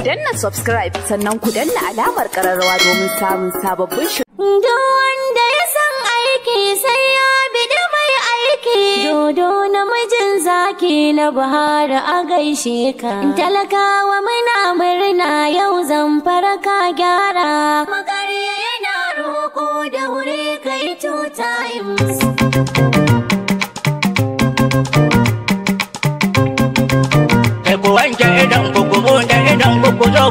ku danna subscribe sannan ku danna alamar kararrawa domin samun sababbin shi. Do wanda ya san aiki sai ya bidi mai aiki. Dodo namijin zaki na Buhari a gaishe ka. Talakawa muna murna yau zan faraka gyara. Magarya yana roko da wuri kai tuta musu. Poco yo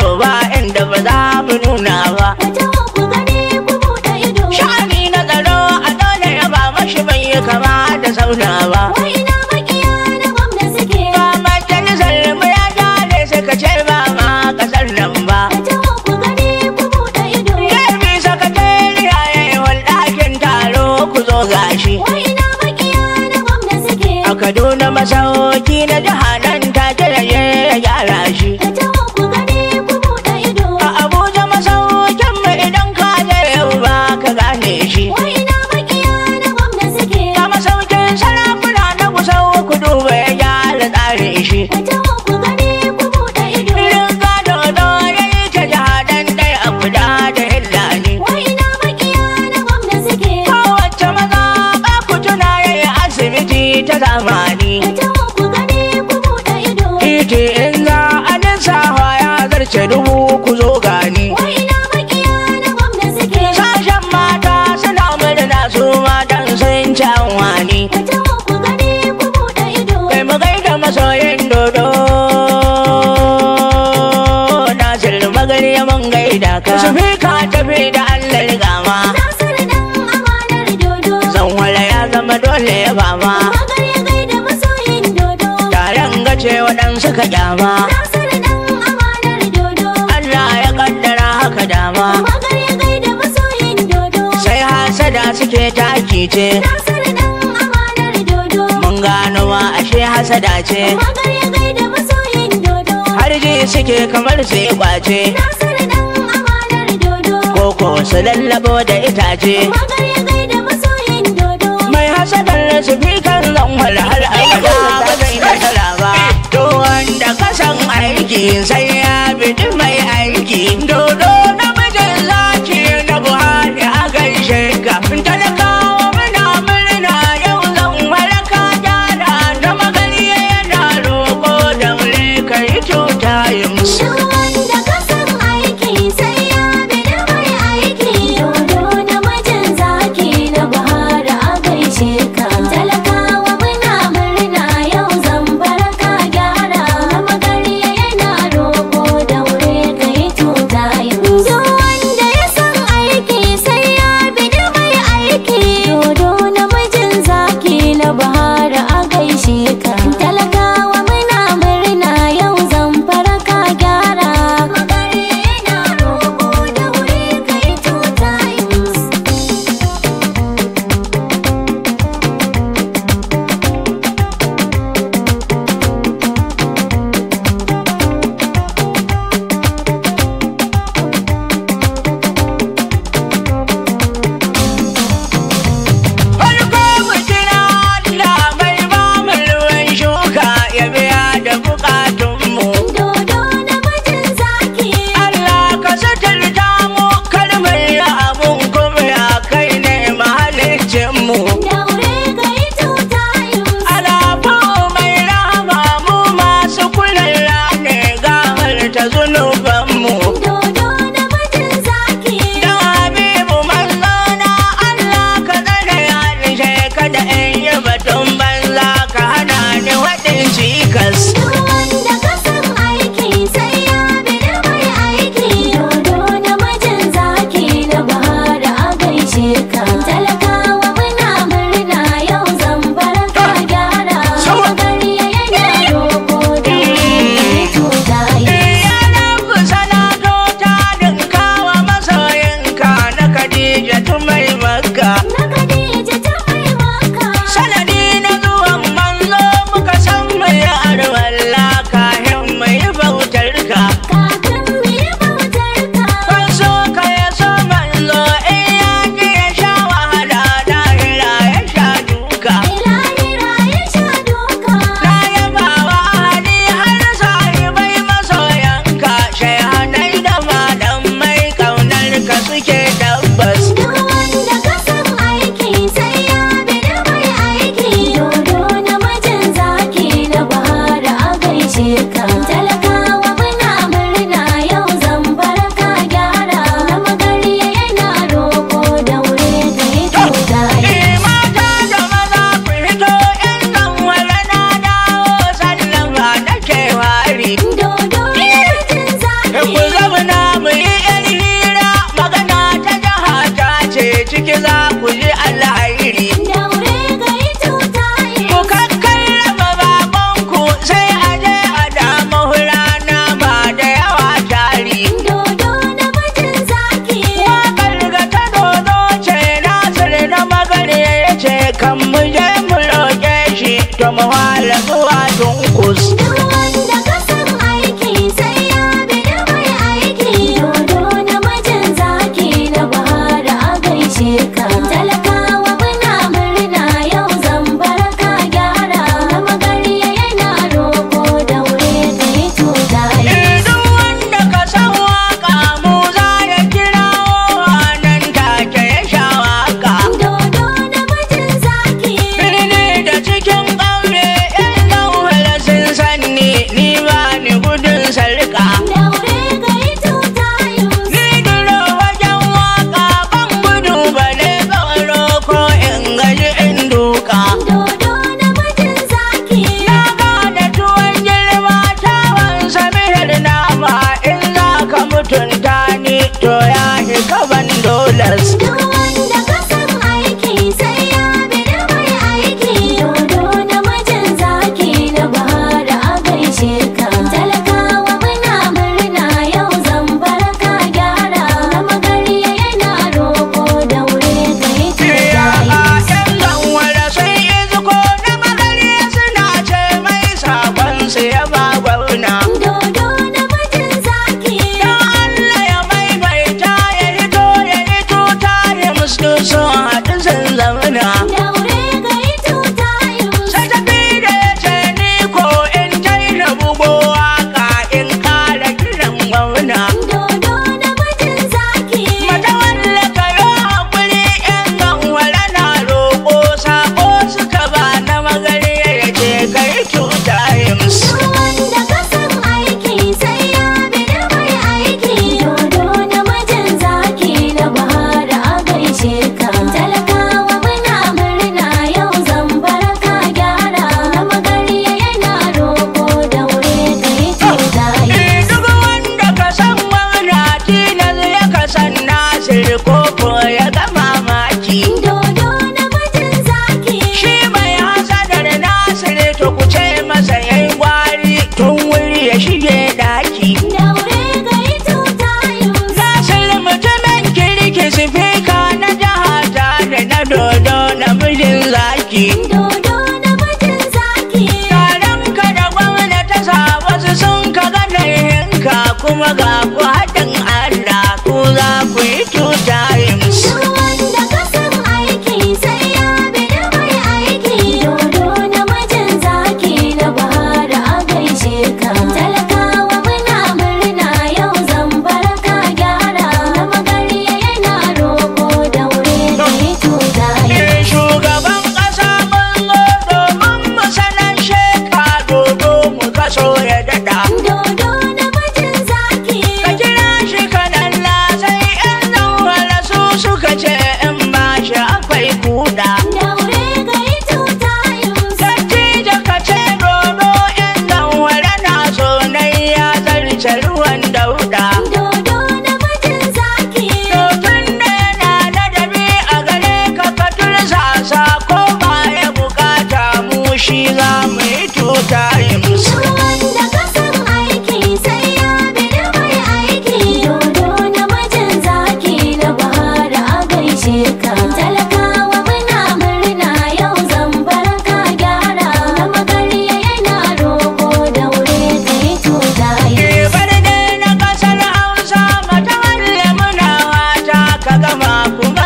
Shirme ka tafi da Allah rigama Nasir dan amanar dodo Zanwala ya zama dole ya bama Magar gaida masoyin dodo Taron gace waɗansu ka kyama amanar dodo Allah ya kaddara haka dama Magar gaida masoyin dodo Sai hasada suke ta ce Nasir dan amanar dodo Mun gano ma ashe hasada ce Magar gaida masoyin dodo Har ji suke kamar sai kwace Nasir ko su lallabo da itace mai hasadar su fi kan zan walhal abada ba zai nasara ba to wanda kasan aiki sai kuma ga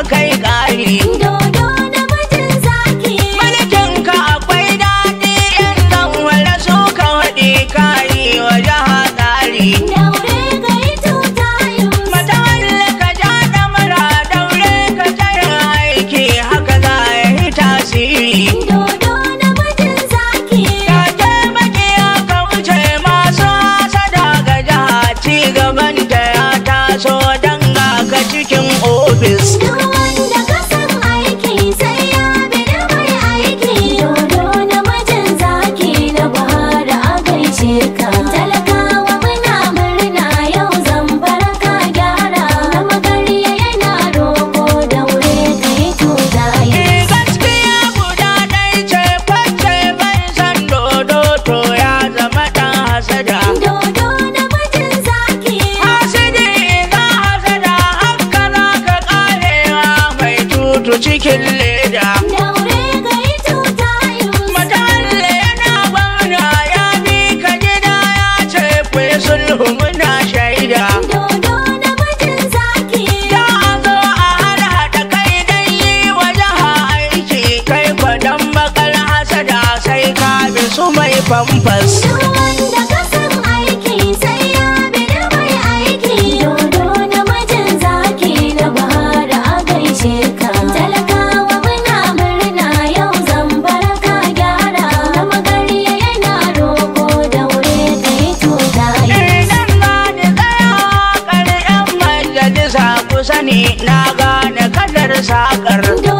okay. shakar. Inda